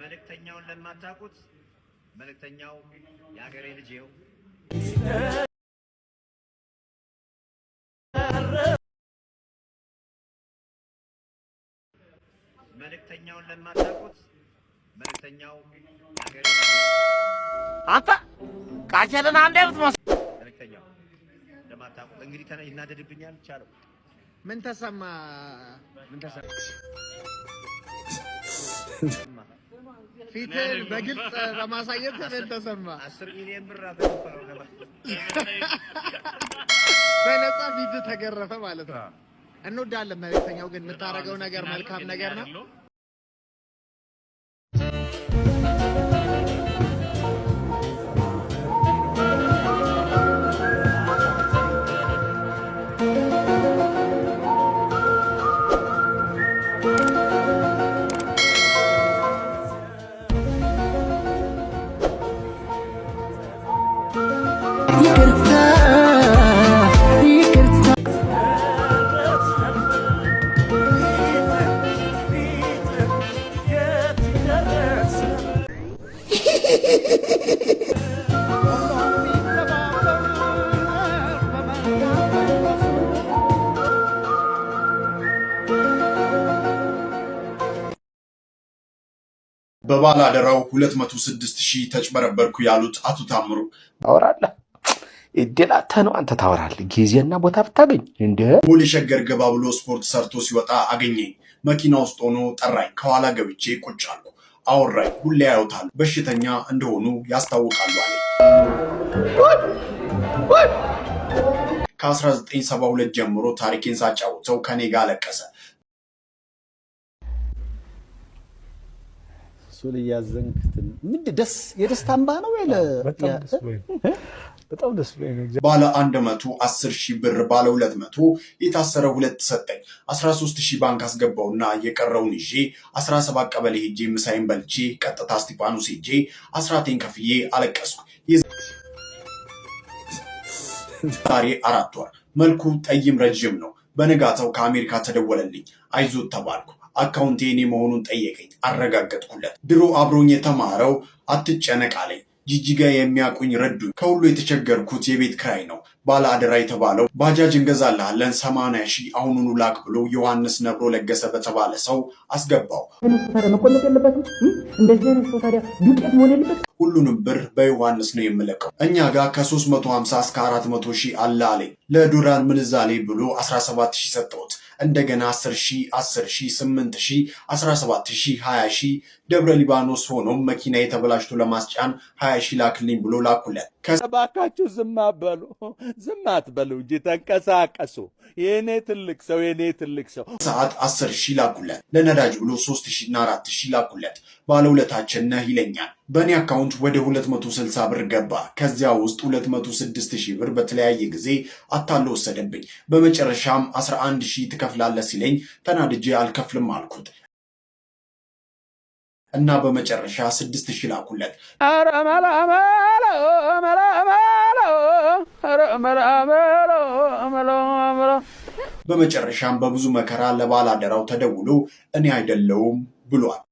መልእክተኛውን ለማታውቁት መልእክተኛው የሀገሬ ልጅ ይኸው መልእክተኛውን ለማታውቁት መልእክተኛው የሀገሬ ልጅ አንተ ቃጀልና አንዴ ብትመስ መልእክተኛው ለማታውቁት እንግዲህ ተነ ይናደድብኛል ቻለው ምን ተሰማ ምን ተሰማ ፊትን በግልጽ በማሳየት ተሰማ። በነፃ ፊት ተገረፈ ማለት ነው። እንወዳለን። መልእክተኛው ግን የምታደርገው ነገር መልካም ነገር ነው። በባለ አደራው ሁለት መቶ ስድስት ሺህ ተጭበረበርኩ ያሉት አቶ ታምሩ ታወራለህ፣ እድላተ ነው አንተ ታወራለህ። ጊዜና ቦታ ብታገኝ እንደ ሙሉ ሸገር ገባ ብሎ ስፖርት ሰርቶ ሲወጣ አገኘኝ። መኪና ውስጥ ሆኖ ጠራኝ። ከኋላ ገብቼ ቁጭ አልኩ። አወራኝ። ሁሌ ያዩታል፣ በሽተኛ እንደሆኑ ያስታውቃሉ አለ ከ ከ1972 ጀምሮ ታሪኬን ሳጫውተው ከኔ ጋር አለቀሰ። እሱን እያዘንክትን ምንድን ደስ የደስታ እንባ ነው በጣም ደስ ብሎኝ ባለ አንድ መቶ አስር ሺህ ብር ባለ ሁለት መቶ የታሰረ ሁለት ሰጠኝ አስራ ሶስት ሺህ ባንክ አስገባውና የቀረውን ይዤ አስራ ሰባት ቀበሌ ሄጄ ምሳይን በልቼ ቀጥታ እስጢፋኖስ ሄጄ አስራቴን ከፍዬ አለቀስኩ። ዛሬ አራት ወር መልኩ ጠይም ረዥም ነው። በነጋታው ከአሜሪካ ተደወለልኝ። አይዞት ተባልኩ። አካውንቴ እኔ መሆኑን ጠየቀኝ፣ አረጋገጥኩለት። ድሮ አብሮኝ የተማረው አትጨነቅ አለኝ። ጅጅጋ የሚያቁኝ ረዱ። ከሁሉ የተቸገርኩት የቤት ክራይ ነው። ባለ አደራ የተባለው ባጃጅ እንገዛልሃለን ሰማንያ ሺህ አሁኑኑ ላክ ብሎ ዮሐንስ ነብሮ ለገሰ በተባለ ሰው አስገባው። መቆለጥ የለበትም እንደዚህ አይነት ሰው ታዲያ ዱቄት መሆን የለበት ሁሉንም ብር በዮሐንስ ነው የምለቀው። እኛ ጋር ከ350 እስከ 400 ሺህ አለ አለኝ። ለዱራን ምንዛሌ ብሎ 17 ሺህ ሰጠሁት። እንደገና 10 ሺህ 10 ሺህ 8 ሺህ 17 ሺህ 20 ሺህ ደብረ ሊባኖስ ሆኖም መኪና የተበላሽቶ ለማስጫን 20 ሺህ ላክልኝ ብሎ ላኩለት። ከባካችሁ ዝም አትበሉ፣ ዝም አትበሉ እንጂ ተንቀሳቀሱ። የእኔ ትልቅ ሰው የእኔ ትልቅ ሰው ሰዓት 10 ሺህ ላኩለት። ለነዳጅ ብሎ 3 ሺህ እና 4 ሺህ ላኩለት። ባለውለታችን ነህ ይለኛል። በእኔ አካውንት ወደ 260 ብር ገባ። ከዚያ ውስጥ 260 ሺህ ብር በተለያየ ጊዜ አታሎ ወሰደብኝ። በመጨረሻም 11 ሺህ ትከፍላለህ ሲለኝ ተናድጄ አልከፍልም አልኩት እና በመጨረሻ 6 ሺህ ላኩለት። በመጨረሻም በብዙ መከራ ለባላደራው ተደውሎ እኔ አይደለውም ብሏል።